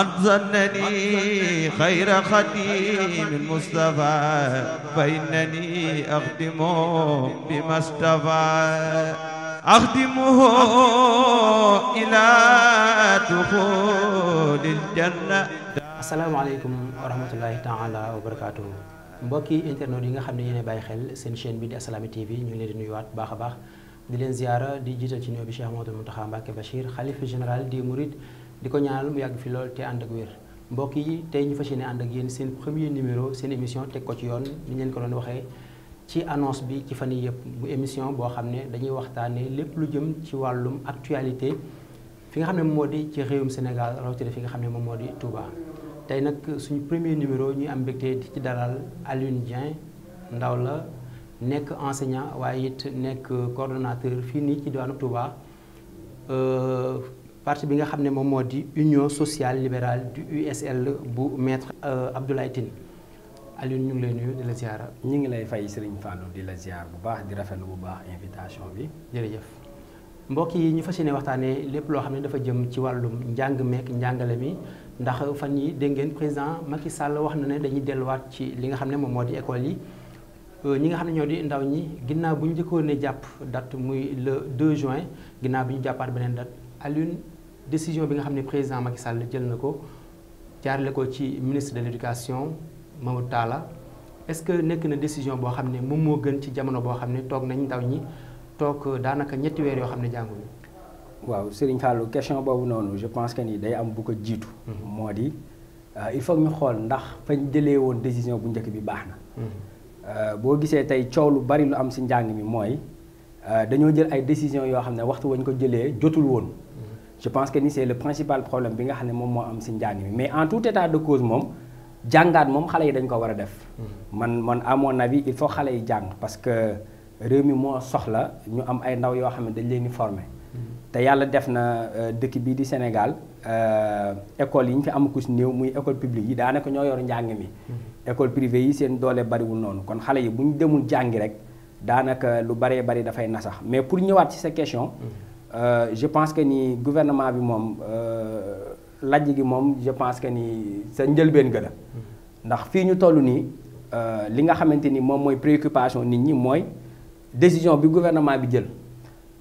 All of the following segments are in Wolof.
من ظنني خير خديم المصطفى فإنني أخدمه بما اصطفى أخدمه إلى دخول الجنة asalaamaaleykum wa rahmatullahi taala wa barakaatuhu mbokki internet yi nga xam ne yéen bàyyi xel seen chaîne bi di Assalaamy TV ñu ngi leen di nuyuwaat baax a baax di leen ziyaara di jiital ci nuyoo bi Cheikh Mouhamadou Mountakha Mbacké Bachir xalifa général di Mouride di ko ñaanal mu yàgg fi lool te ànd ak wér mbokk yi tey ñu fa yéene ànd ak yéen seen premier numéro seen émission teg ko ci yoon ni leen ko doon waxee ci annonce bi ci fan yii yëpp bu émission boo xam ne dañuy waxtaanee lépp lu jëm ci wàllum actualité fi nga xam ne moo di ci réewum Sénégal rawatina fi xam ne moom moo di Touba. tey nag suñu premier numéro ñuy am mbégte di ci daral Alioune Dieng ndaw la nekk enseignant waaye it nekk coordonnateur fii nii ci diwaanu Touba. Euh, parti bi nga xam ne moom moo di union sociale libérale du USL bu maître euh, Abdoulaye Tine Alioune ñu ngi lay nuyu di la ziara. ñu ngi lay fay Serigne Fallou di la ziar bu baax di rafetlu bu baax invitation bi. jërëjëf mbokk yi ñu fas yéene waxtaanee lépp loo xam ne dafa jëm ci wàllum njàng meek njàngale mi ndax fan yi dégg ngeen président Macky Sall wax na ne dañuy delluwaat ci li nga xam ne moom moo di école yi. Euh, ñi nga xam ne ñoo di ndaw ñi ginnaaw bu ñu njëkkoon ne jàpp date muy le 2 juin ginnaaw bi ñu jàppaat beneen date Alioune décision bi nga xam ne président makk Sall jël na ko jaarale ko ci ministre de l' éducation Mamadou Talla est-ce que nekk na décision boo xam ne moom moo gën ci jamono boo xam ne toog nañ ndaw ñi toog daanaka ñetti weer yoo xam ne jànguñu. waaw Serigne Fallou question boobu noonu je pense que ni day am bu ko jiitu. Mm-hmm. moo di euh, il faut ñu xool ndax fañ jëlee woon décision bu njëkk bi baax na. Mm-hmm. Euh, boo gisee tey coow lu bari lu am si njàng mi mooy euh, dañoo jël ay décision yoo xam ne waxtu wañ ko jëlee jotul woon. Mm-hmm. je pense que ni c'est le principal problème bi nga xam ne moom moo am si njàng mi mais en tout état de cause moom jàngaat moom xale yi dañ ko war a def. Mm-hmm. man man amoon mon avis il faut xale yi jàng parce que réew mi moo soxla ñu am ay ndaw yoo xam ne dañ leen di former. Mm-hmm. te yàlla def na euh, dëkk bii di Sénégal euh, école yi ñu fi am ku si néew muy école publique yi daanaka ñoo yor njàng mi. Mm-hmm. école privée yi seen doole bariwul noonu kon xale yi bu ñu demul jàngi rek daanaka lu baree bari dafay nasax mais pour ñëwaat ci sa question. Euh, je pense que nii gouvernement bi moom euh, lajj gi moom je pense que nii sa njëlbeen ga la ndax fii ñu toll nii euh, li nga xamante ni moom mooy préoccupation nit ñi mooy décision bi gouvernement bi jël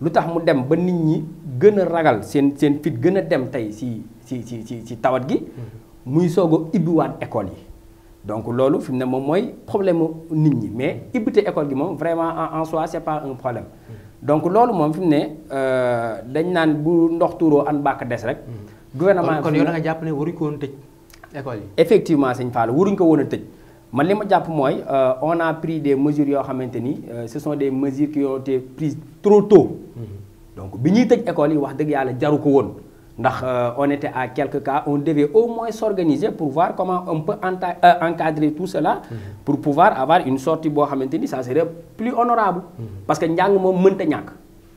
lu tax mu dem ba nit ñi gën a ragal seen seen fit gën a dem tey si si si si si tawat gi muy soog a ibbiwaat école yi donc loolu fi mu ne moom mooy problème nit ñi mais ibbite école gi moom vraiment en soi c'est pas un problème donc loolu moom fi mu ne euh, dañ naan bu ndox tuuroo an bàkk des rek. Hmm. gouvernement kon yow da nga jàpp ne waruñ ko woon tëj école yi. effectivement sëñ Fall waruñ ko woon a tëj man li ma jàpp mooy euh, on a pris des mesures yoo xamante ni euh, ce sont des mesures qui ont été prises trop tôt. Hmm. donc bi ñuy tëj école yi wax dëgg yàlla jaru ko woon. ndax euh, on était à quelques cas on devait au moins s'organiser pour voir comment on peut euh, encadrer tout cela mm-hmm. pour pouvoir avoir une sortie boo xamante ni ça serait plus honorable mm-hmm. parce que njàng moom mënta ñàkk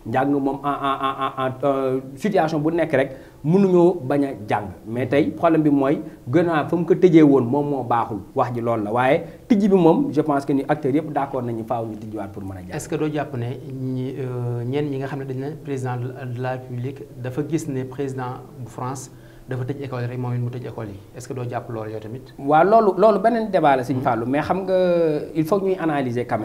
njàng moom en en en euh, situation bu nekk rek mënuñoo bañ a jàng mais tey problème bi mooy gën a fa mu ko tëjee woon moom moo baaxul wax ji loolu la waaye tijji bi moom je pense que ni acteur yëpp d'accord nañu faaw ñu tijjiwaat pour mën a jàng. est-ce que doo jàpp ne ñi euh, ñi nga xam ne dañ ne président de la République dafa gis ne président bu France. dafa tëj école rek moom it mu tëj école yi est que doo jàpp loolu yoo tamit. waaw loolu loolu beneen débat la Sëñ Fallou xam nga euh, il faut ñuy analyser quand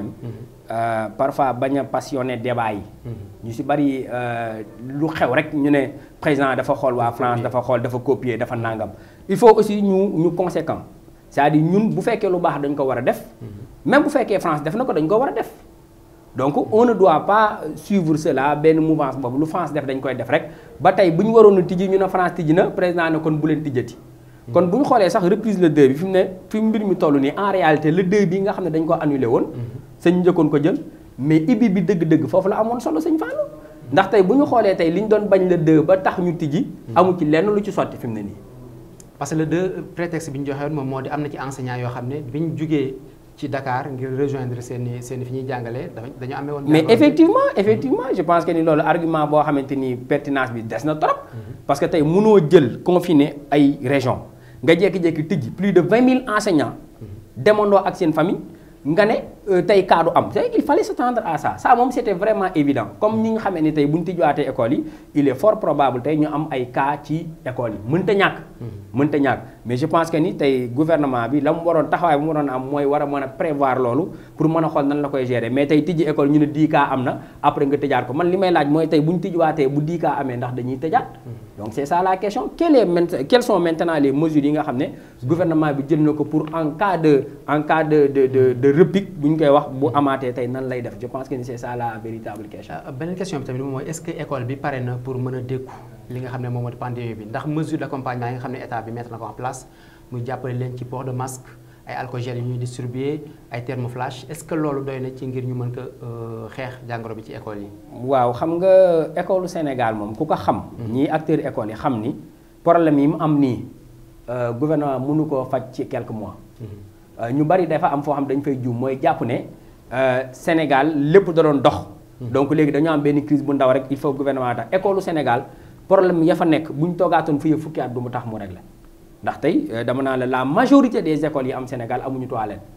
Euh, parfois bañ a passionné débat yi. Mhm. ñu si bari euh, lu xew rek ñu ne président dafa xool waa France dafa xool dafa copier dafa nangam. il faut aussi ñu ñu conséquent cest à ñun bu fekkee lu baax dañ ko war a def. Mhm. même bu fekkee France def na ko dañ ko war a def. donc on ne doit pas suivre cela benn mouvance boobu lu France def dañ koy def rek ba tey bu ñu waroon a tijji ñu ne France tijji na président ne kon bu leen tijjati. Mhm. kon bu ñu xoolee sax reprise le 2 fi mu ne fi mi toll nii en réalité le 2 bi nga xam ne dañ ko annulé woon. dañu njëkkoon ko jël mais ibbi bi dëgg-dëgg foofu la amoon solo sëñ Fallou ndax tey bu ñu xoolee tey li ñu doon bañ la deux ba tax ñu tijji. Hmm. amu ci lenn lu ci sotti fi mu ne nii. parce que le deux prétexte bi ñu joxe moom moo di am na ci enseignants yoo xam ne bi ñu jógee ci Dakar ngir rejoindre seeni seeni fi ñuy jàngalee dañu amee woon. mais effectivement effectivement je pense que ni loolu argument boo xamante ni pertinence bi des na trop. Hmm. parce que tey mënoo jël confiner ay régions nga jékki-jékki tijji de vingt mille enseignants. Hmm. demandoo ak seen famille nga ne. Euh, tey cas du am il fallait s'attendre à ça ça moom c'était vraiment évident comme ñi nga xamee ni tey bu ñu tijjuwaatee école yi il est fort probable tey ñu am ay cas ci école mënta ñàkk mm-hmm. mënta ñàkk mais je pense que ni tey gouvernement bi la mu waroon taxawaay bu mu waroon am mooy war a mën a prévoir loolu pour mën a xool nan la koy gérer mais tey tijji école ñu ne 10 cas am na après nga tëjaat ko man li may laaj mooy tey bu ñu tijjuwaatee bu 10 cas amee ndax dañuy mm-hmm. ko pour en cas ñu koy wax bu amaatee tey nan lay def je pense que ni c'est ça la véritable question. Euh, beneen question bi tamit mooy est-ce que école bi pare na pour mën a dékku li nga xam ne moom mooy pandémie bi ndax mesure d'accompagnement yi nga xam ne état bi mettre na ko en place muy jàppale leen ci port de masque ay alcool gel yu ñuy distribuer ay thermoflash est-ce que loolu doy na ci ngir ñu mën ko euh, xeex jàngoro bi ci école yi. waaw xam nga école Sénégal moom ku ko xam. Mm-hmm. ñii acteurs école yi xam ni problème yi mu am nii euh, gouvernement mënu koo faj ci quelques mois. Mm-hmm. Euh, ñu bari dafa am foo xam dañ fay juum mooy jàpp ne euh, Sénégal lépp da dox. Hmm. donc léegi dañoo am benn crise bu ndaw rek il faut gouvernement tax école Sénégal problème ya fa nekk buñ ñu toogaatoon fii fukki at du mu tax mu réglé ndax tey euh, dama naa la la majorité des écoles yi am Sénégal amuñu toilette.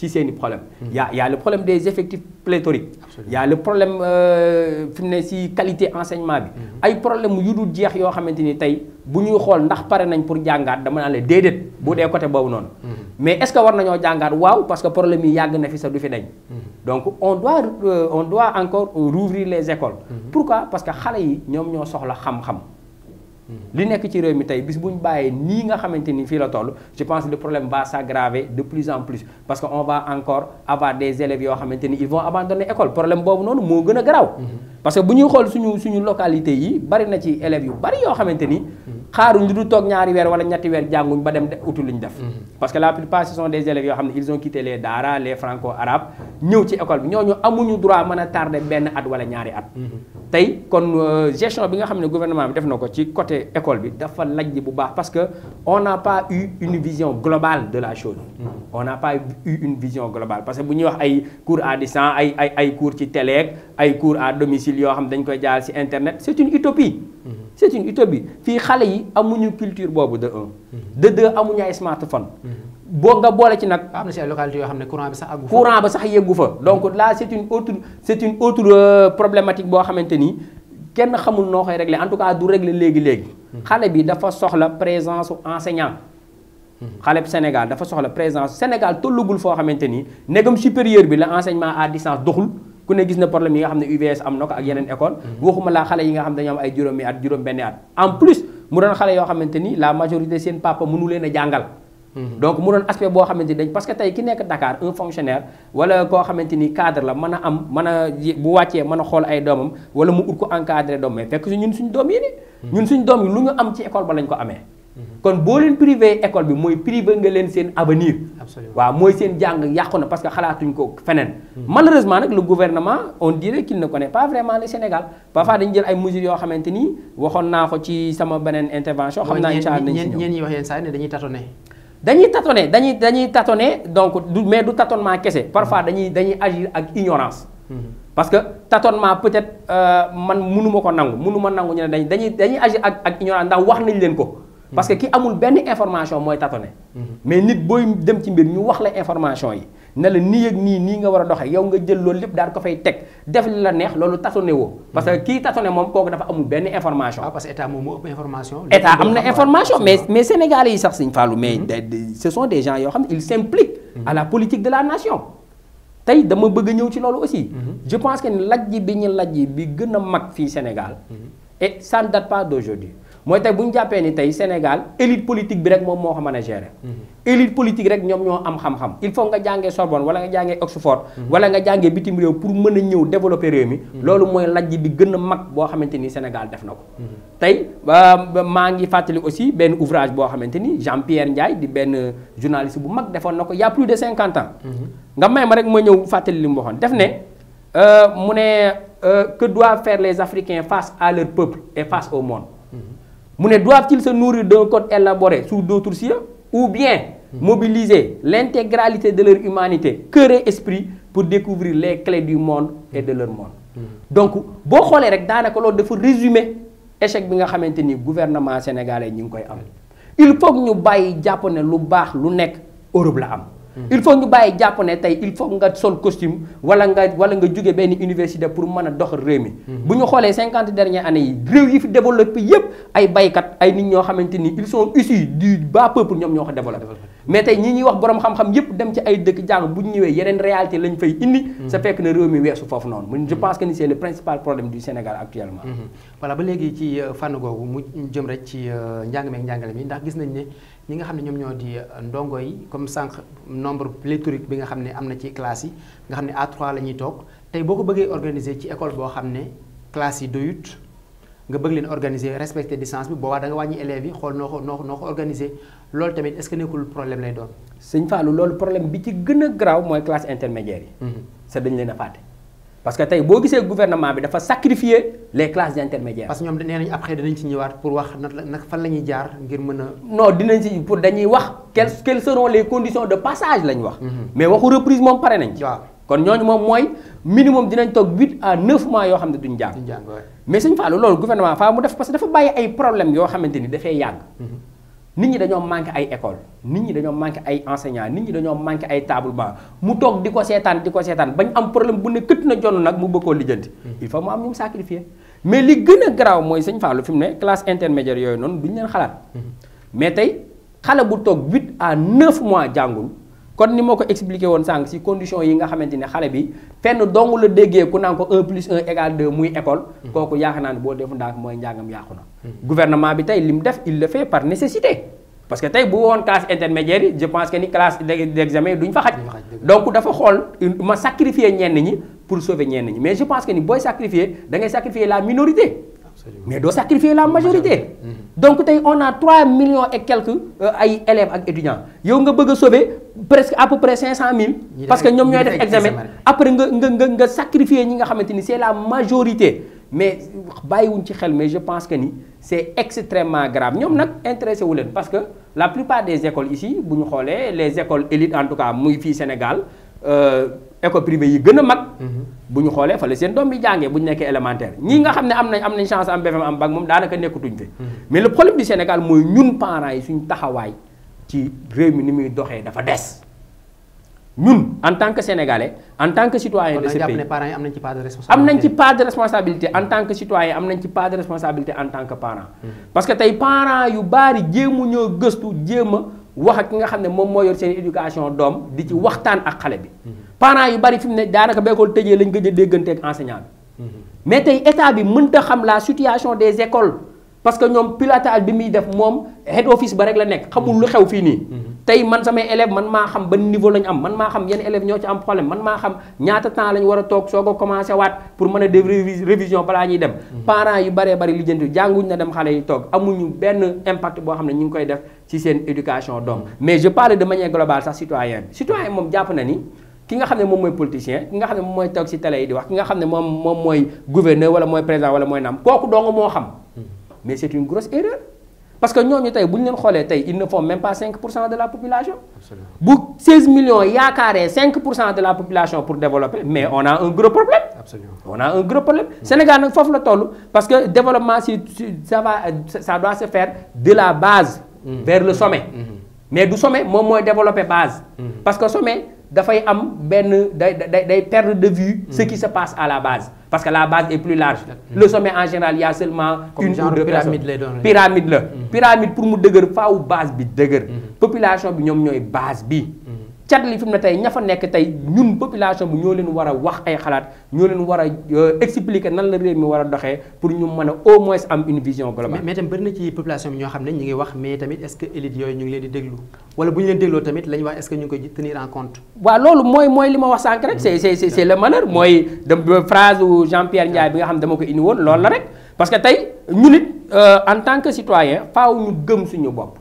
ci seeni problème hmm. y a y a le problème des effectifs pléthoriques y a le problème euh, fi mu ne si qualité enseignement bi hmm. ay problème yu dul jeex yoo xamante ni tey bu ñuy xool ndax pare nañ pour jàngaat dama naan la déedéet bu dee côté boobu noonu hmm. mais est war nañoo jàngaat waaw parce que problème yi yàgg na fi sax du fi dañ donc on doit euh, on doit encore rouvrir les écoles pourquoi parce que xale yi ñoom ñoo soxla xam-xam li nekk ci réew mi tey bis bu ñu bàyyee nii nga xamante ni fii la toll je pense que le problème va s'aggraver de plus en plus parce que on va encore avoir des élèves yoo xamante ni ils vont abandonner école problème boobu noonu moo gën a garaaw mhm. parce que bu ñuy xool suñu suñu localité yi bari na ci élèves yu bari yoo xamante ni mhm. xaaruñ lu du toog ñaari weer wala ñetti weer jànguñ ba dem utu def mm-hmm. parce que la plupart ce sont des élèves yoo xam ne ils ont quitté les daara les franco arabes ñëw ci école bi ñooñu amuñu droit mën a tardé benn at wala ñaari at mm-hmm. tey kon euh, gestion bi nga xam ne gouvernement bi def na ko ci côté école bi dafa lajj bu baax parce que on n'a pas eu une vision globale de la chose mm-hmm. on n'a pas eu une vision globale parce que bu ñuy wax ay cours à distance ay cou ay cours ci télé yoo xam dañ koy jaar ci internet c'est une utopie yi amuñu culture boobu de un. de deux amuñu ay smartphone. boo nga boole ci nag. am na si ay localités yoo xam ne courant bi sax àggu fa. courant ba sax yeggu fa donc là c' est une autre c' est une autre euh, problématique boo xamante ni kenn xamul noo koy réglé en tout cas du réglé léegi léegi. xale bi dafa soxla présence su enseignant. xale Sénégal dafa soxla présence Sénégal tollugul foo xamante ni ndegam supérieur bi la enseignement à distance doxul. ku ne gis na problème yi nga xam ne UVS am na ko ak yeneen école mm-hmm. waxuma laa xale yi nga xam ne dañoo ay juróom benni at en plus mu doon xale yoo xamante ni la majorité seen papa mënu leen a jàngal. Mhm. donc mu doon aspect boo xamante ni parce que tey ki nekk Dakar un fonctionnaire wala koo xamante ni cadre la mën a am mën a bu wàccee mën a xool ay doomam wala mu ut ko encadré doom mais fekk ñun suñ doom yi ni mhm. ñun suñ doom yi lu ñu am ci école ba lañ ko amee. kon boo leen privé école bi mooy privé nga leen seen avenir. absolument waaw mooy seen jàng yàqu na parce que xalaatuñ ko feneen. Hmm. malheureusement nag lu gouvernement on dirait qu'il ne connaît pas vraiment le Sénégal parfois hmm. dañu jël ay mesures yoo xamante ni waxoon naa ko ci sama beneen intervention. xam naa incha allah dañ si ñëw ñeen ñi wax yenn saa ne dañuy tâtonner. dañuy tâtonner dañuy dañuy tâtonner donc du mais du tâtonnement kese parfois hmm. dañuy dañuy agir ak ignorance. parce que tâtonnement peut-être euh, man mënu ko nangu mënu ma nangu ñu ne dañuy dañuy agir ak ak ignorance ndax wax nañ leen ko. parce que ki amul benn information mooy tâtonné. Mhm. mais nit booy dem ci mbir ñu wax la information yi ne la nii ak nii nii nga war a doxee yow nga jël loolu lépp daal ko fay teg def li la neex loolu tâtonné woo. parce que mhm. kii tâtonné moom kooku dafa amul benn information. waaw ah, parce que état moom moo ëpp information. état am na information mais mais sénégalais yi sax Serigne Fallou mais mhm. ce sont des gens yoo xam ne ils s'impliquent à la politique de la nation. tey dama bëgg a ci loolu aussi. je pense que lajj bi ñu lajj bi gën a mag fii Sénégal. et ça ne date pas d'aujourd'hui mooy tey bu jàppee ni tey Sénégal élite politique bi rek moom moo ko mën a gérer. Mhm. élite politique rek ñoom ñoo am xam-xam. il faut nga jàngee Sorbonne wala nga jàngee Oxford. Mhm. wala nga jàngee bitim réew pour mën a ñëw développer réew mi. Mhm. loolu mooy lajj bi gën a mag boo xamante ni Sénégal def na ko. tey maa ngi fàttali aussi benn ouvrage boo xamante ni Jean Pierre Ndiaye di benn journaliste bu mag defoon na ko y' a plus de cinquante ans. nga may ma rek ma ñëw fàttali li mu waxoon def ne euh, mu ne euh, que doivent faire les Africains face à leur peuple et face au mu ne doivent-ils se nourrir d'un code élaboré sous d'autres cieux ou bien mobiliser l'intégralité de leur humanité cœur et esprit pour découvrir les clés du monde et de leur monde mm-hmm. donc boo xoolee rek daanaka loolu dafa résumer échec bi nga xamante ni gouvernement sénégalais ñi ngi koy am il faut ñu bàyyi jàpp ne lu baax lu nekk Europe la am il faut ñu bàyyi jàpp ne tey il faut nga sol costume wala nga wala nga jóge benn université pour mën a dox réew mi. Mhm. bu ñu xoolee cinquante dernières années yi réew yi fi développé yépp ay baykat ay nit ñoo xamante ni ils sont issus du bas peuple ñoom ñoo ko développé. mais tey ñi ñuy wax borom xam-xam yépp dem ci ay dëkk jàng bu ñu ñëwee yeneen réalité lañ fay indi. sa fekk na réew mi weesu foofu noonu. je mhm. pense que ni c'est le principal problème du Sénégal mhm. ba léegi ci euh, fànn googu mu jëm rek ci euh, njàng meek njàngale mi ndax gis nañ ne ñi nga xam ne ñoom ñoo di euh, ndongo yi comme sànq nombre pléthorique bi nga xam ne am na ci classe yi nga xam ne A3 la ñuy toog tey boo ko bëggee organiser ci école boo xam ne classe yi doyut nga bëgg leen organiser respecter distance bi boobaa da nga wàññi élèves yi xool noo ko noo noo ko organiser loolu tamit est-ce que nekkul problème lay doon. sëñ Fallou loolu problème bi ci gën a garaaw mooy classe intermédiaire yi. Mm-hmm. sa dañ leen a fàtte. parce que tey boo gisee gouvernement bi dafa sacrifier les classes intermédiaires. parce que ñoom nee nañ après dinañ ci ñëwaat pour wax nag fan la ñuy jaar ngir mën a. non dinañ ci pour dañuy wax quelles quelles seront les conditions de passage lañ wax. Mhm. mais waxu reprise moom pare nañ ci. waaw kon ñooñu moom mooy minimum dinañ toog huit à neuf mois yoo xam ne duñ jàng. mais suñ faalu loolu gouvernement faa mu def parce que dafa bàyyi ay problèmes yoo xamante ni dafay yàgg. Mhm. nit ñi dañoo manqué ay école nit ñi dañoo manqué ay enseignant nit ñi dañoo manqué ay table banc mu toog di ko seetaan di ko seetaan bañ am problème bu ne kët na jonn nag mu bëggoo lijjanti hmm. il faut mu am ñu mu sacrifié mais li gën a garaaw mooy sañ Fallou fi mu ne classe intermédiaire yooyu noonu duñ leen xalaat hmm. mais tey xale bu toog 8 à 9 mois jàngul kon ni ma ko expliqué woon sànq si condition yi nga xamante ne xale bi fenn dong la déggee naan ko 1 plus 1 égale hmm. kooku yaakaar naa ne boo defu ndaak mooy njàngam yàqu na gouvernement bi tey li mu def il le fait par nécessité parce que tey bu woon classe intermédiaire yi je pense que ni classe d'examen duñ fa xaj donc dafa xool ma sacrifier ñenn ñi pour sauver ñenn ñi mais je pense que ni booy sacrifier da ngay sacrifier la minorité Absolument. mais doo sacrifier la majorité mm-hmm. donc tey on a 3 millions et quelques euh, ay euh, élèves ak étudiants yow nga bëgg a sauver presque à cinq cent 500000 parce que ñoom ñooy def examen après nga nga nga nga sacrifier nga xamante ni c'est la majorité mais bàyyiwuñ ci xel mais je pense que ni c'est extrêmement grave ñoom nag intéressé wu leen parce que la plupart des écoles ici bu ñu xoolee les écoles élites en tout cas muy fii Sénégal euh, école privée yi gën a mag. Mm-hmm. bu ñu xoolee fale seen doom bi jàngee bu ñu nekkee élémentaire ñi nga xam ne am na am nañ chance am BFM am bac moom daanaka nekkatuñ fi. Mm-hmm. mais le problème du Sénégal mooy ñun parents yi suñ taxawaay ci réew mi ni muy doxee dafa des. ñun en tant que sénégalais en tant que citoyen de ce pays am nañ ci part de responsabilité am nañ ci part de responsabilité en tant que citoyen am nañ ci part de responsabilité en tan que parent. parce que tey parent yu bari jéemu ñoo gëstu jéem a wax ak ki nga xam ne moom moo yor seen éducation doom di ci waxtaan ak xale bi. parent yu bari fi mu ne daanaka béykool tëjee lañ gëj a déggante ak enseignant bi. mais tey état bi mënta xam la situation des écoles. parce que ñoom pilotage bi muy def moom head office ba rek la nekk. xamul lu xew fii nii. Mhm. tey man samay élèves man maa xam ban niveau lañ am man maa xam yenn élèves ñoo ci am problème man maa xam ñaata temps lañ war a toog soo ko commencé waat pour mën a def révision balaa ñuy dem. Mhm. parents yu baree bari lijjanti jànguñ na dem xale yi toog amuñu benn impact boo xam ne ñu ngi koy def ci seen éducation doom mhm. mais je parle de manière globale sax citoyen bi citoyen na ni. moom mooy politicien ki nga xam ne moom mooy toog xam ne moom moom mooy gouverneur walla mooy président walla mooy naam kooku dong moo xam mais c' est une grosse erreur parce que ñooñu tey bu ñu leen xoolee tey ils ne font même pas 5 pour de la population. bu 16 yaakaaree pour cent de la population pour développer mais on a un gros problème. Absolument. on a un gros problème. Sénégal nag foofu la toll parce que développement si ça va ça doit se faire de la base. Mmh. vers le sommet. Mmh. mais du sommet moom mooy développer base. Mmh. parce que sommet. dafay am benn day day day perdre de vue ce qui se passe à la base parce que la base est plus large mm. le sommet en général il y a seulement une ou deux personnes pyramide la mm. pyramide pour mu dëgër faaw base bi dëgër mm. population bi ñoom ñooy base bi cat li fi mu ne tey ña fa nekk tey ñun population bi ñoo leen war a wax ay xalaat ñoo leen war a euh, expliquer nan la réew mi war a doxee pour ñu mën a au moins am une vision globale. mais tam bëri na ci population bi ñoo xam ne ñu ngi wax mais tamit est-ce que élite ñu ngi leen di déglu wala bu ñu leen dégloo tamit la wax est ñu ngi koy tenir en compte. loolu mooy mooy li ma wax sànq rek c'est c'est c'est le malheur mooy de phrase Jean-Pierre Ndiaye bi dama ko indi woon loolu la rek parce que tey euh, en tant que citoyen faaw ñu gëm suñu bopp.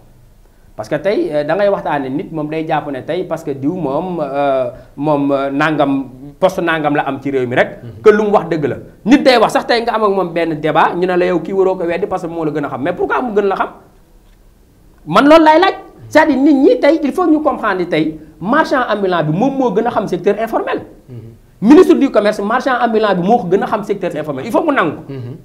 parce que tey euh, dangay ngay nit moom day jàpp ne tey parce que diw moom euh, moom euh, nangam poste nangam la am ci réew mi rek. Mhm. que lu mu wax dëgg la. nit day wax sax tey nga am ak moom benn débat ñu ne la yow kii waroo ko weddi parce que moo la gën a xam mais pourquoi mu gën la man loolu laay laaj cest à nit ñi tey il faut ñu comprendre tey marchand ambulant bi moom moo gën a xam secteur informel. Mhm. ministre du commerce marchand ambulant bi moo gën a xam secteur informel il faut mu nangu. Mhm.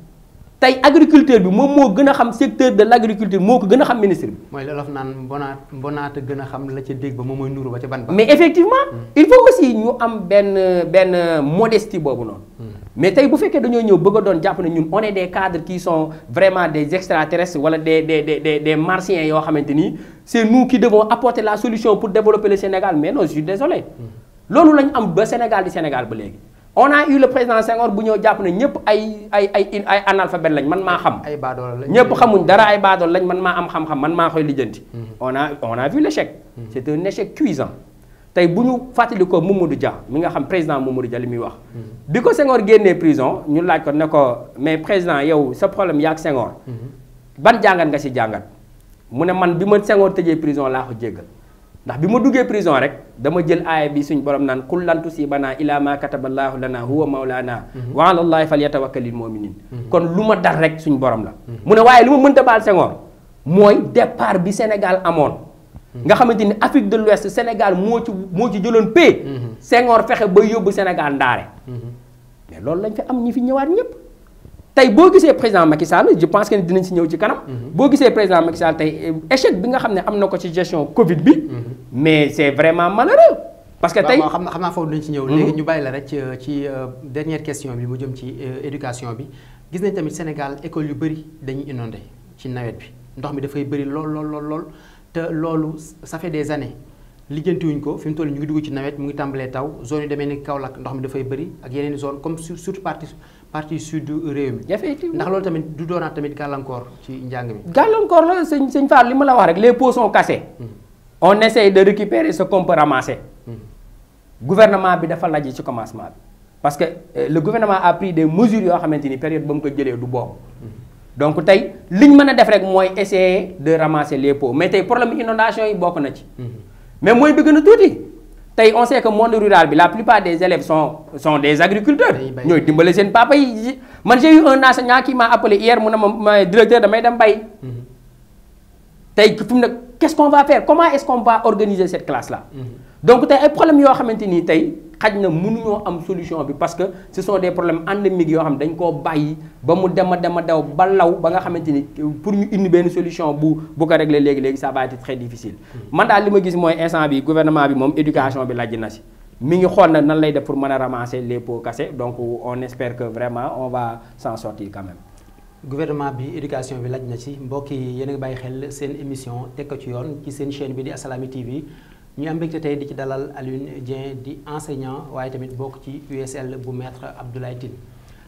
tey agriculteur bi moom moo gën a xam secteur de l' agriculture moo ko gën a xam ministre bi. mooy loolof naan mbonaat mbonaat gën a xam la ca dégg ba moom mooy nuru ba ca ban ba. mais effectivement hmm. il faut aussi ñu am benn benn modestie boobu noonu. Hmm. mais tey bu fekkee dañoo ñëw bëgg a doon jàpp ne ñu on est des cadres qui sont vraiment des extraterrestres wala des des de des martiens yoo xamante ni c' est nous qui devons apporter la solution pour développer le Sénégal mais non je suis désolé. Hmm. loolu am ba Sénégal di Sénégal ba léegi. on eu le président Senghor bu ñëw jàpp nañ ñëpp ay ay ay ay lañ man maa xam. ay baadool lañ ñëpp xamuñ dara ay baadool lañ man maa am xam-xam man maa koy lijjanti. Mm-hmm. on a vu l' échec. Mm-hmm. c' est un échec cuisant. tey bu ñu fàttali ko Mamadou Dia mi nga xam président Mamadou Dia li muy wax. Mm-hmm. bi ko Senghor génne prison ñu laaj ko ne ko mais président yow sa problème yaak Senghor. ban jàngat nga si jàngat. mu ne man bi ma Senghor tëjee prison laa ko jéggal. ndax bi ma duggee prison rek dama jël aaya bi suñ borom naan qul lan tusibanaa illa ma kataballaahu lana huwa mawlana mhm. wa ala llaahi falyatawakkalil mu'minin mhm. kon lu ma dar rek suñ borom la mhm. mu ne waaye li ma mënta baal Senghor mooy départ bi Sénégal amoon nga xamante ni Afrique de l'Ouest Sénégal moo ci moo ci jëloon paix Senghor fexe ba yóbbu Sénégal ndaare mais loolu lañ fi am ñi fi ñëwaat ñëpp tey boo gisee président Macky Sall je pense que dinañ si ñëw ci kanam. Mhm. boo gisee président Macky Sall tey euh, échec bi nga xam ne am na ko ci gestion Covid bi. Mhm. mais c' est vraiment malheureux. parce que tey xam naa foofu dinañ si ñëw. léegi mhm. ñu bàyyi la rek ci euh, ci euh, dernière question bi mu jëm ci éducation bi gis nañ tamit Sénégal école yu bëri dañuy inondé ci nawet bi ndox mi dafay bëri lool lool lool lool te loolu ça fait des années. lijjantiwuñ ko fi mu toll ñu ngi dugg ci nawet mu ngi tàmbalee taw zone yu demee ni ndox mi dafay bëri ak yeneen zone comme surtout partie partie sud réew mi. effectivement ndax loolu tamit du doonaat tamit gàllankoor ci njàng mi. gàllankoor la sëñ sëñ Fall li ma la wax rek les pots sont cassés. Mm. on essaie de récupérer ce qu'on peut ramasser. Mm. gouvernement bi dafa laaj ci commencement bi parce que euh, le gouvernement a pris des mesures yoo xamante ni période ba mu ko jëlee du boobu. Mm. donc tey li ñu mën a def rek mooy essayer de ramasser les pots mais tey problème inondation yi bokk na ci. mais mooy bi gën a tuuti. tey on sait que monde rural bi la plupart des élèves sont sont des agriculteurs. ñooy dimbale seen papa yi man j'ai eu un enseignant qui m'a appelé hier mu ne ma directeur damay dem bay mhm. tey fu mu ne quest va faire comment est va organiser cette classe là. Mhm. donc tey ay problème yoo xamante ni tey. xaj na mu mënuñoo am solution bi parce que ce sont des problèmes endémiques yoo xam dañ koo bàyyi ba mu dema dema daw ba law ba nga xamante ni pour ñu indi benn solution bu bu ko régler léegi-léegi ça va être très difficile man daal li ma gis mooy instant bi gouvernement bi moom éducation bi laaj na si mi ngi xool nag nan lay def pour mën a ramasser les pots cassés donc on espère que vraiment on va s'en sortir quand même gouvernement bi éducation bi laaj na ci mbokk yi yéen bàyyi xel seen émission teg ko ci yoon ci seen chaîne bi di Assalaamy TV ñu am mbégte tey di ci dalal Alioune Dieng di enseignant waaye tamit bokk ci USL bu maître Abdoulaye Tine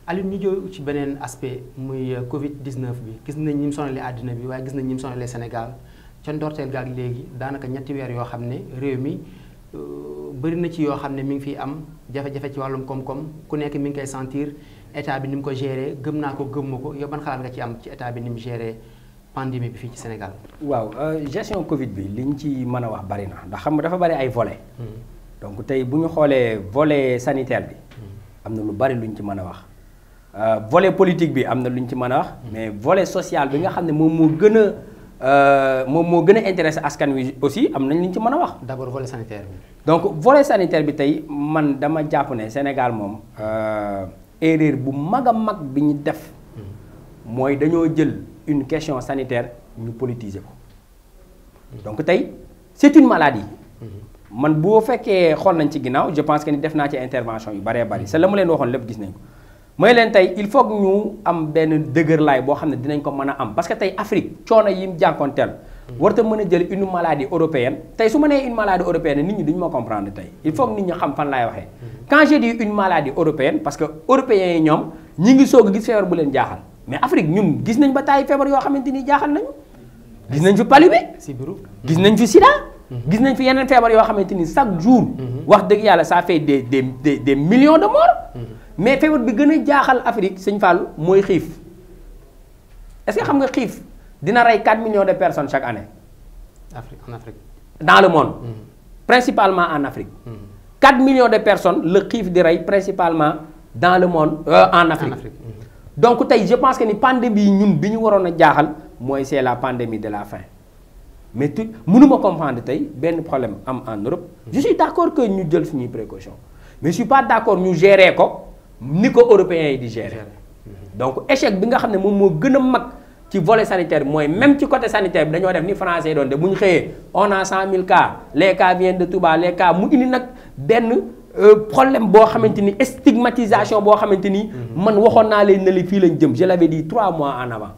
Alioune ñu jóg ci beneen aspect muy euh, Covid 19 bi gis nañ ñi mu sonalee àddina bi waaye gis nañ ñi mu sonalee Sénégal ca ndorteel ga ak léegi daanaka ñetti weer yoo xam ne réew mi euh, bëri na ci yoo xam ne mi ngi fiy am jafe-jafe ci wàllum koom-koom ku nekk mi ngi koy sentir état bi ni mu ko géré gëm naa ko gëm ma ko yow ban xalaat nga ci am ci état bi ni mu géré. pandémie bi fii ci Sénégal. waaw euh, gestion Covid bi li ñu ci mën a wax bari na ndax xam nga dafa bari ay volets. Hmm. donc tey bu ñu xoolee volet sanitaire bi. Hmm. am na lu bari lu ñu ci mën a wax. Euh, volet politique bi am na lu ñu ci mën a wax. Hmm. mais volet social bi nga xam ne moom moo gën a euh, moom moo gën a intéressé askan wi aussi am nañ lu ñu ci mën a wax. d'abord volet sanitaire bi. donc volet sanitaire bi tey man dama jàpp ne Sénégal moom erreur bu mag a mag bi ñu def. mooy dañoo jël. une question sanitaire ñu politiser ko donc tey c'est une maladie. Mm-hmm. man boo fekkee xool nañ ci ginnaaw je pense def naa ci intervention yu baree bari mm-hmm. c'est la mu leen waxoon lépp gis nañ ko leen tey il faut que ñu am benn dëgërlaay boo xam ne dinañ ko mën a am parce que tey Afrique coono yi mu jànkoonteel. Mm-hmm. warta mën a jël une maladie européenne tey su ma nee une maladie européenne nit ñi duñu ma comprendre tey il faut que nit ñi xam fan laay waxee. quand je dis une maladie européenne parce que européens yi ñoom ñi ngi soog a gis feebar bu leen jaaxal. mais Afrique ñun gis nañ ba taay feebar yoo xamante ni jaaxal nañu gis nañ fi palu bi gis nañ fi sida mm-hmm. gis nañ fi yeneen feebar yoo xamante ni chaque jour mm-hmm. wax dëgg yàlla ça fait des des de million millions de morts mm-hmm. mais feebar bi gën a jaaxal Afrique sëñ Fallou mooy xiif est-ce que xam nga xiif dina rey quatre millions de personnes chaque année Afrique dans le monde principalement en Afrique 4 millions de personnes la xiif di rey principalement dans le monde euh, en Afrique donc tey je pense que ni pandémie yi ñun bi ñu waroon a jaaxal mooy c'est la pandémie de la faim mais tu mënuma comprendre tey benn problème am en Europe je suis d'accord que ñu jël suñuy précaution mais je suis pas d'accord ñu gérer ko ni ko européens yi di gérer donc échec bi nga xam ne moom moo gën a mag ci volet sanitaire mooy même ci côté sanitaire bi dañoo def ni français doon de bu ñu xëyee on a mille cas le cas viennent de Touba les cas mu indi nag benn Euh, problème boo xamante ni stigmatisation boo xamante ni. Mhm. man waxoon naa leen ne la fii lañ jëm je l'avais dit trois mois en avant.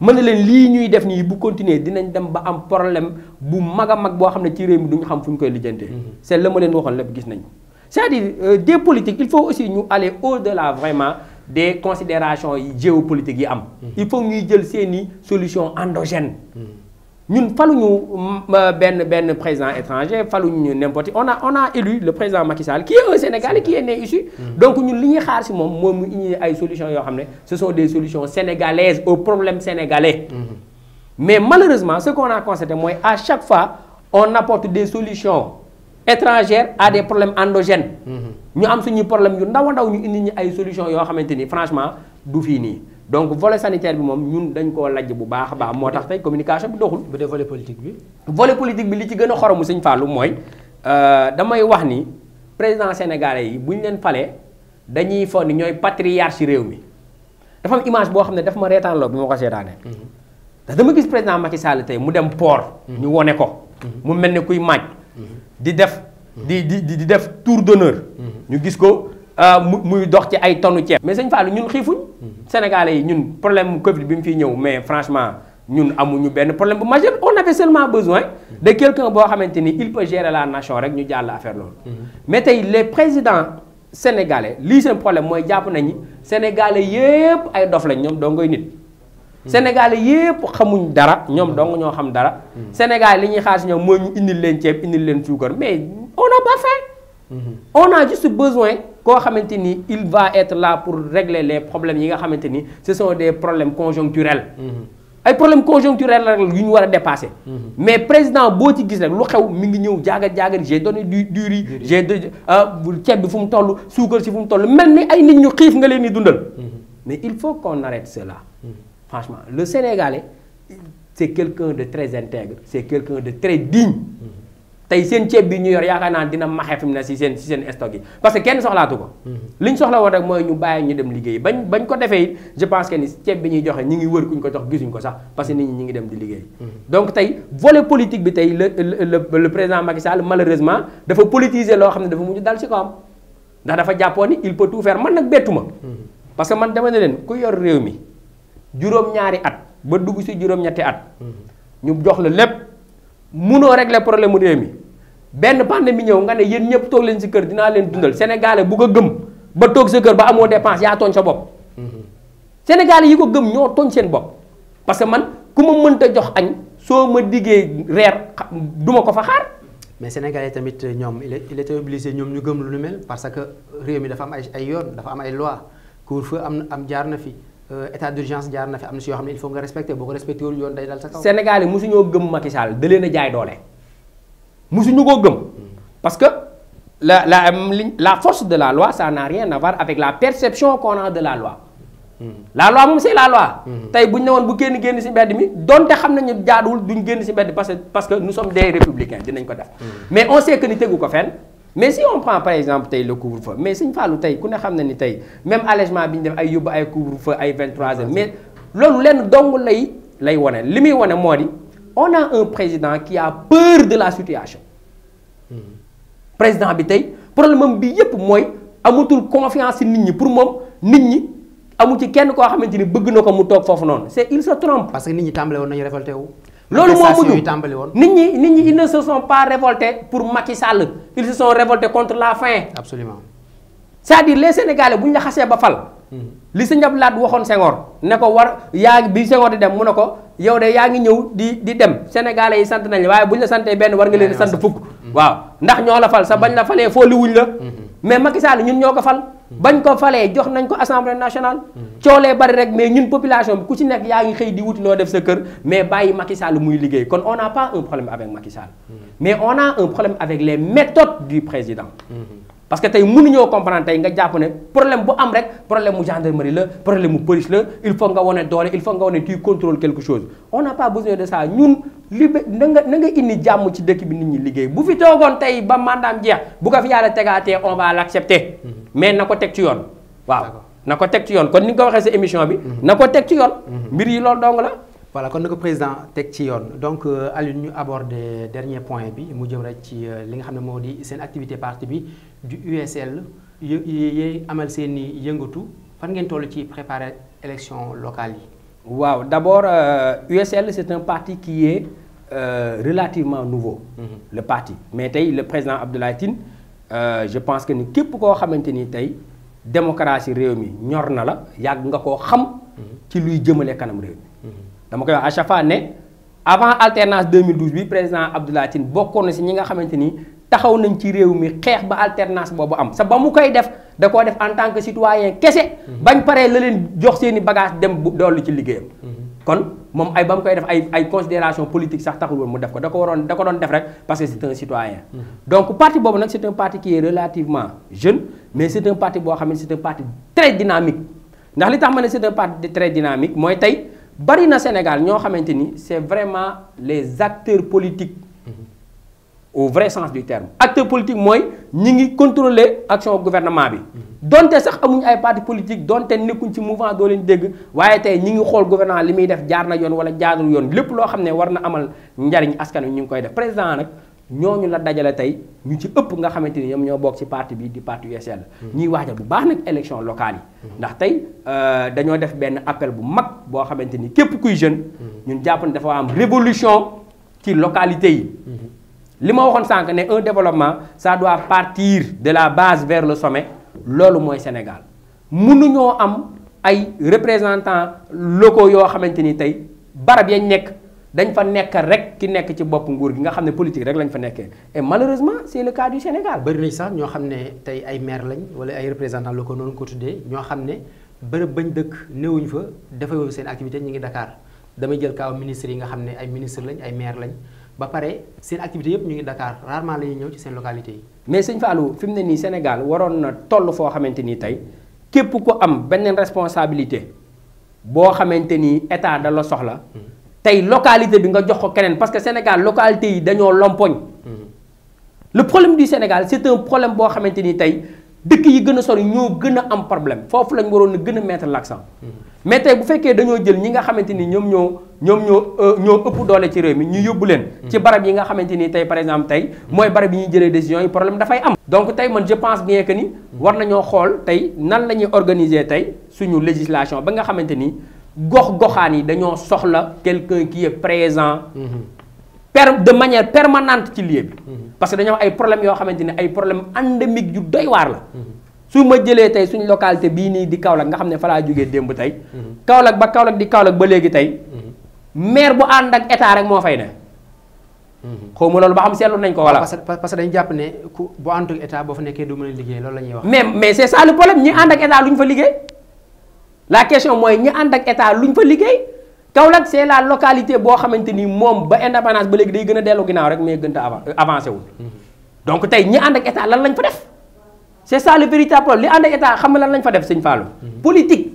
mën mhm. na leen lii ñuy def nii bu continuer dinañ dem ba am problème bu mag a mag boo xam ne ci réew mi ñu xam fu ñu koy lijjantee. Mhm. c'est la ma leen waxoon lépp gis nañu. c'est-à-dire euh, des politiques il faut aussi ñu aller au-delà vraiment des considérations yi géopolitiques yi am. il faut ñuy jël seeni solution endogène. ñun faluñu euh, benn benn président étranger faluñu n'importe on a on a élu le président Macky Sall qui est un Sénégalais qui est né ici. Mm. donc ñun li ñuy xaar si moom moom mu indi ay solutions yoo xam ne ce sont des solutions sénégalaises au problèmes sénégalais. Mm-hmm. mais malheureusement ce qu'on a constaté mooy à chaque fois on apporte des solutions étrangères à des problèmes endogènes. Mm-hmm. ñu am suñuy problème yu ndaw ndaw ñu indi ñu ay solutions yoo xamante ni franchement du fii nii. donc volet sanitaire bi moom ñun dañ koo lajj bu baax a baax moo tax tey communication bi doxul. bu dee volet politique bi. volet politique bi li ci gën a xoromu sëñ Fallou mooy euh, damay wax ni président sénégalais yi bu ñu leen falee dañuy foog ni ñooy patriarche ci réew mi dafa am image boo xam ne daf ma reetaan loo bi ma ko seetaanee. Mhm. ndax dama gis président Macky Sall tey mu dem port. Mhm. ñu wone ko. Mhm. mu mel ne kuy maaj. di def di di di def tour d'honneur. ñu gis ko. Euh, muy dox ci ay tonnu ceeb. mais sañ sëñ Fallou ñun xiifuñ. Mhm. Sénégalais yi ñun problème mu Covid bi mu fiy ñëw mais franchement ñun amuñu benn problème bu majeur on avait seulement besoin de quelqu'un boo xamante ni il peut gérer la nation rek ñu jàll affaire loolu. Mhm. mais tey les président sénégalais lii seen problème mooy jàpp nañ sénégalais yépp ay dof lañ ñoom doo ngay nit. Mhm. Sénégalais xamuñ dara ñoom dong ñoo xam dara. Sénégal li ñuy xaar si ñoom mooy ñu indil leen ceeb indil leen suukar mais on a pas faim. on a juste besoin. koo xamante ni il va être là pour régler les problèmes yi nga xamante ni ce sont des problèmes conjoncturels. Mm-hmm. ay problèmes conjoncturels la rek yu ñu war a dépasser. Mm-hmm. mais président boo ci gis rek lu xew mi ngi ñëw jaagat jaagat j'ai donné du du riz. de ah, ceeb bi fu mu toll suukar si fu mu toll mel ni ay nit ñu xiif nga leen di dundal. Mm-hmm. mais il faut qu'on arrête cela. franchement le Sénégalais c'est quelqu'un de très intègre c'est quelqu'un de très digne. tey seen ceeb bi ñu yor yaakaar naa dina maxe fi mu ne si seen si seen stock yi parce que kenn soxlaatu ko mm-hmm. li ñu soxla woon rek mooy ñu bàyyi ñu dem liggéey ba bañ ko defee it je pense que ni ceeb bi ñuy joxe ñu ngi wër kuñ ko jox gisuñ ko sax parce que nit ñi ñi ngi dem di liggéey mm-hmm. donc tey volet politique bi tey le le président Macky Sall malheureusement dafa politiser loo xam ne dafa mujj dal ci ko am ndax dafa jàppoon ni il peut tout faire man nag bettu ma mm-hmm. parce que man dama ne leen ku yor réew mi juróom-ñaari at ba dugg si juróom at ñu jox la lépp munoo régler problème mu réew mi benn pandémie ñëw nga ne yéen ñëpp toog leen si kër dinaa leen dundal sénégalais bu ko gëm ba toog sa kër ba amoo dépense yaa tooñ sa bopp mm-hmm. sénégalais yi ko gëm ñoo tooñ seen bopp parce que man ku ma mënta jox añ soo ma diggee reer duma ko fa xaar mais sénégalais tamit ñoom il ñoom ñu gëm lu parce que réew mi dafa am ay yoon dafa am ay loi couvre-feu am na am jaar na fi euh, état d'urgence jaar na fi am na si yoo xam ne il faut nga respecté boo ko respecté yoon day dal sa kaw sénégalais mosuñoo gëm Macky Sall da leen a jaay doole musuñu ko gëm parce que la la la force de la loi ça n'a rien à voir avec la perception qu'on a de la loi la loi moom c'est la loi tey bu ñu ne woon bu kenn génn ci mbedd mi donte xam nañu jaaduwul duñ génn si mbedd parce que parce que nous sommes des républicains dinañ ko def mais on sait que ni tegu ko fenn mais si on prend par exemple tey le couvre-feu mais Sëñ Fallou tey ku ne xam na ni tey même allègement bi ñu def ay yóbbu ay couvre-feu ay 23 heures mais loolu lenn lay lay li muy wane moo di on a président ki a peur de la situation hmm. président bi tey problème am bi yépp mooy amatul confiance ci nit ñi pour moom nit ñi amu ci kenn koo xamante ni bëgg na ko mu toog foofu noonu c'est il se trompe. parce que nit ñi tàmbale woon nañu révolté wu. loolu moo mujj nit ñi nit ñi ils ne se sont pas révoltés pour Macky Sall ils se sont contre la fin absolument c'est-à-dire les Sénégalais bu ñu la xasee ba fal. Hmm. li sëñ Abdou Lahad waxoon Senghor ne ko war yaa bi Senghor di dem mu ne ko yow de yaa ngi ñëw di di dem sénégalais yi sant nañ la waaye buñ la santee benn war nga leen sant fukk waaw ndax ñoo la fal sa bañ la falee foo li wuñ la mais Macky Sall ñun ñoo ko fal bañ ko falee jox nañ ko assemblée national coolee bari rek mais ñun population bi ku ci nekk yaa ngi xëy di wuti loo def sa kër mais bàyyi Macky Sall muy liggéey kon on n'a pas un problème avec Macky a un problème avec les méthodes du président parce que tey mënuñoo comprendre tey nga jàpp ne problème bu am rek problème mu gendarmerie la problème mu police la il faut nga wane doole il faut nga wane tu contrôle quelque chose on n'a pas besoin de ça ñun li na nga na indi jàmm ci dëkk bi nit ñi liggéey bu fi toogoon tey ba mandaam jeex bu ko fi yàlla tegaatee on va l'accepter mm-hmm. mais na ko teg ci yoon waaw na ko teg ci yoon kon ni nga ko waxee sa émission bi mm-hmm. na ko teg ci yoon mm-hmm. mbir yi loolu dong la voilà kon na ko président teg ci yoon donc euh, Aliou ñu aborder dernier point bi mu jëm rek ci euh, li nga xam ne moo di seen activité parti bi du USL yi amal seen i yëngatu fan ngeen toll ci préparer élection locale yi. waaw d'abord USL euh, c'est un parti qui est relativement nouveau. Mm-hmm. le parti mais tey le président Abdoulaye Tine je pense que ni képp koo xamante ni tey démocratie réew mi ñor na la yàgg nga koo xam. Mm-hmm. ci luy jëmale kanam réew mi. dama koy wax à chaque ne avant alternance 2012 bi président Abdoulaye Tine bokkoon na si ñi nga xamante ni taxaw nañ ci réew mi xeex ba alternance boobu am sa ba mu koy def da koo def en tant que citoyen kese. Mhm. bañ paree la leen jox seeni i bagage dem bu dollu ci liggéeyam. Mhm. kon moom ay ba mu koy def ay ay considération politique sax taxul woon mu def ko da ko waroon da ko doon def rek parce que c'est un citoyen. Mhm. donc parti boobu nag c'est un parti qui mais parti boo xam ne parti très dynamique ndax li tax ma ne c'est un parti très bari na Sénégal ñoo xamante ni c'est vraiment les acteurs politiques mm-hmm. au vrai sens du terme acteur politique mooy ñi ngi contrôler action gouvernement bi mm-hmm. donte sax amuñ ay parti politique donte nekkuñ ci mouvement doo leen dégg waaye tey ñi ngi xool gouvernement li muy def jaar na yoon wala jaarul yoon lépp loo xam ne war na amal njariñ askan wi ñu ngi koy def président nag ñoo ñooñu la dajale tey ñu ci ëpp nga xamante ni ñoom ñoo bokk ci parti bi di parti USL. Hmm. ñuy wax waajal bu baax nag élection local yi. Hmm. ndax tey euh, dañoo def benn appel bu mag boo xamante ni képp kuy jeune. Hmm. ñun jàpp ne dafa am révolution ci localité yi. li ma waxoon sànq ne un développement ça doit partir de la base vers le sommet loolu mooy Sénégal mënuñoo am ay représentant locaux yoo xamante ni tey barab yañ nekk. dañ fa nekk rek ki nekk ci bopp nguur gi nga xam ne politique rek lañ fa nekkee et malheureusement c'est le cas du Sénégal. nañ sax ñoo xam ne tey ay maire lañ wala ay représentants locaux noonu ko tuddee ñoo xam ne bërëb bañ dëkk néewuñ fa defewuñ seen activité ñu ngi dakaar damay jël kaaw ministres yi nga xam ne ay ministre lañ ay maire lañ ba pare seen activité yëpp ñu ngi dakaar rarement la ñuy ñëw ci seen localité yi. mais sëñ Fallou fi mu ne nii Sénégal waroon na toll foo xamante ni tey képp ku am benn responsabilité boo xamante ni état da la soxla. Hmm. tey localité bi nga jox ko keneen parce que Sénégal localité yi dañoo lompoñ mm-hmm. le problème du Sénégal c'est un problème boo xamante ni tey dëkk yi gën a sori ñoo gën a am problème foofu lañ waroon a gën a mettre l'accent mm-hmm. mais tey bu fekkee dañoo jël ñi nga xamante ni ñoom ñoo ñoom ñoo euh, ñoo ëpp doole ci réew mi ñu yóbbu leen mm-hmm. ci barab yi nga xamante ni tey par exemple tey mooy barab yi ñuy jëlee décision yi problème dafay am donc tey man je pense bien que ni war nañoo xool tey nan la ñuy organiser tey suñu législation ba nga xamante ni gox-goxaan yi dañoo soxla quelqu'un qui est présent mhm. per de manière permanente ci lieu bi mhm. parce que dañoo ay problème yoo xamante ne ay problème endémique yu doy waar la mhm. su ma jëlee tey suñ localité bii nii di Kaolack nga xam ne fa laa jógee démb tey Kaolack ba Kaolack di Kaolack ba léegi tey maire bu ànd ak état rek moo fay ne xaw loolu ba xam seetlu nañ ko wala parce que dañu jàpp ne ku bu ànd ak état boo fa nekkee du mën a liggéey loolu la liggéey la question mooy ñi ànd ak état luñ fa liggéey Kaolack c'est la localité boo xamante ni moom ba indépendance ba léegi day gën a dellu ginnaaw rek mais gën a avancé wul mm-hmm. donc tey ñi ànd ak état lan lañ fa def c'est ça le véritable problème li ànd ak état xam nga lan lañ fa def sëñ Fallou mm-hmm. politique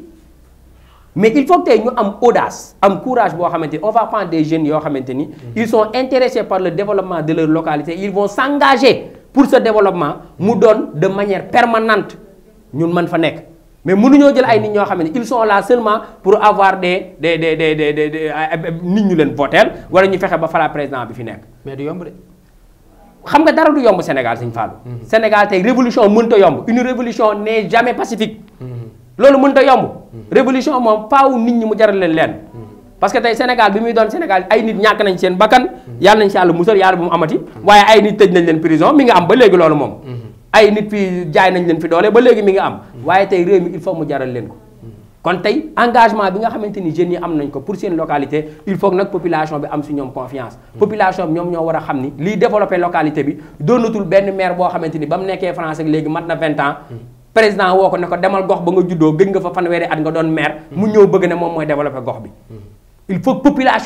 mais il faut tey ñu am audace am courage boo xamante ni on va prendre des jeunes yoo xamante ni mm-hmm. ils sont intéressés par le développement de leur localité ils vont s'engager pour ce développement mu doon de manière permanente ñun mën fa nekk mais mënuñoo jël ay nit ñoo xam ne ils sont là seulement pour avoir des des des des nit ñu leen voteel wala ñu fexe ba fala président bi fi nekk. mais du yomb de. xam nga dara du yomb Sénégal sëñ Fallou. Mhm. Sénégal tey révolution mënta yomb une révolution n'est jamais pacifique. Mhm. loolu mun mënta yomb. Mhm. révolution moom faaw nit ñi mu jaral leen leen. parce que tey Sénégal bi muy doon Sénégal ay nit ñàkk nañ seen bakkan. yàlla nañ si yàlla musal yàlla mu amati. waaye ay nit tëj nañ leen prison mi nga am ba léegi loolu moom. ay nit fii jaay nañ leen fi doole ba léegi mi ngi am. waaye tey réew mi il faut mu jaral leen ko. kon tey engagement bi nga xamante ni jeunes yi am nañ ko pour seen localité il faut nag population bi am si ñoom confiance. Hmm. population bi ñoom ñoo war a xam ni liy développé localité bi doonatul benn maire boo xamante ni ba mu nekkee France léegi mat na 20 ans. Hmm. président woo ko ne ko demal gox ba nga juddoo gëj nga fa fanweeri at nga doon maire. mu hmm. ñëw bëgg ne moom mooy développé gox bi. il faut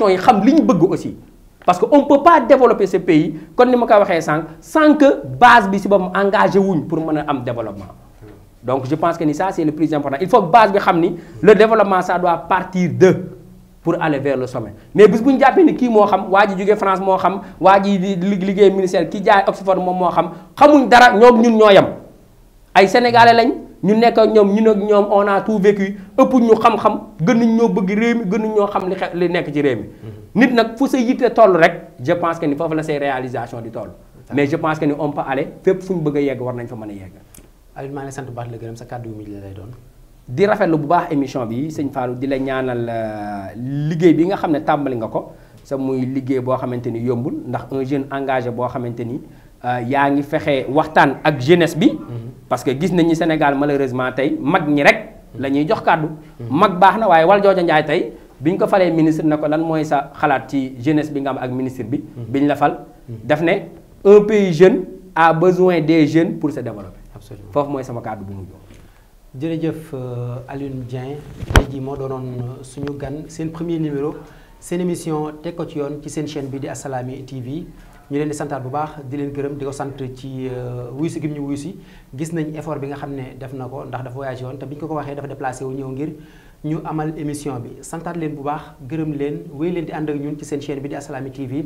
yi xam li ñu bëgg aussi. parce que on peut pas développer ce pays kon ni ma ko waxee sànq sans que base bi si boppam engagé wuñ pour mën a am développement donc je pense que ni ça c'est le plus important il faut que bi xam ni le développement ça doit partir de pour aller vers le sommet mais bis bu ñu jàppee ni kii moo xam waa ji jógee France moo xam waa ji liggéey ministère ki jaay Oxford moom moo xam xamuñ dara ñoom ñun ñoo yem ay sénégalais lañ ñu nekk ñoom ñu ak ñoom on a tout vécu ëpp ñu xam-xam gënuñ ñoo bëgg réew mi gënuñ ñoo xam li xe li nekk ci réew mi. Mm-hmm. nit nag fu sa yitte toll rek je pense que ni foofu la say réalisation di toll. mais je pense ni ompa peut aller fépp fu ñu bëgg a yegg war nañ fa mën a yegg. Aliou maa ngi lay sant bu la gërëm sa kàddu yu mujj la lay doon. di rafet la bu baax émission bi sëñ Fallou di la ñaanal euh, liggéey bi nga xam ne tàmbali nga ko sa muy liggéey boo xamante ni yombul ndax un engagé boo xamante ni. Euh, yaa ngi fexe waxtaan ak jeunesse bi. Mhm. parce que gis nañ ni Sénégal malheureusement tey mag ñi rek. Mhm. la ñuy jox kàddu. Mhm. mag baax na waaye wal jooja Njaay tey bi ñu ko falee ministre na ko lan mooy sa xalaat ci jeunesse bi nga am ak ministre bi. bi ñu la fal daf ne un pays jeune a besoin des jeunes pour se développer. absolument foofu mooy sama kàddu bu mu jox. jërëjëf euh, Alioune Dieng tey jii moo doonoon euh, suñu gan seen premier numéro seen émission teg ko ci yoon ci seen chaîne bi di Assalaamy TV. ñu leen di santaar bu baax di leen gërëm di ko sant ci euh, wuyusi gi ñu wuyusi gis nañ effort bi nga xam ne def na ko ndax dafa voyagé woon te bi ñu ko ko waxee dafa déplacé wu ñëw ngir ñu amal émission bi santaat leen bu baax gërëm leen wéy leen di ànd ak ñun ci seen chaîne bi di Assalaamy TV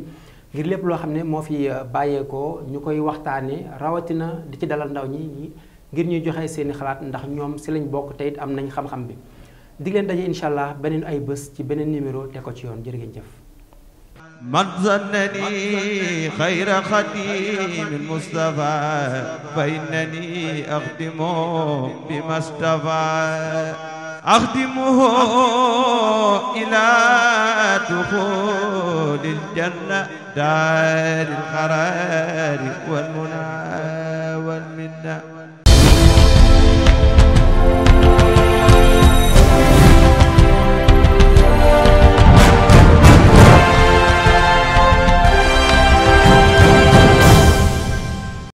ngir lépp loo xam ne moo fi euh, bàyyeekoo ñu koy waxtaanee rawatina di ci dalal ndaw ñi ngir ñuy joxe seeni xalaat ndax ñoom si lañ bokk te it am nañ xam-xam bi dig leen daje incha allah beneen ay bés ci beneen numéro te ko ci yoon jërë jëf. من ظنني خير خديم المصطفى فإنني أخدمه بما اصطفى أخدمه إلى دخول الجنة دار القرار والمنى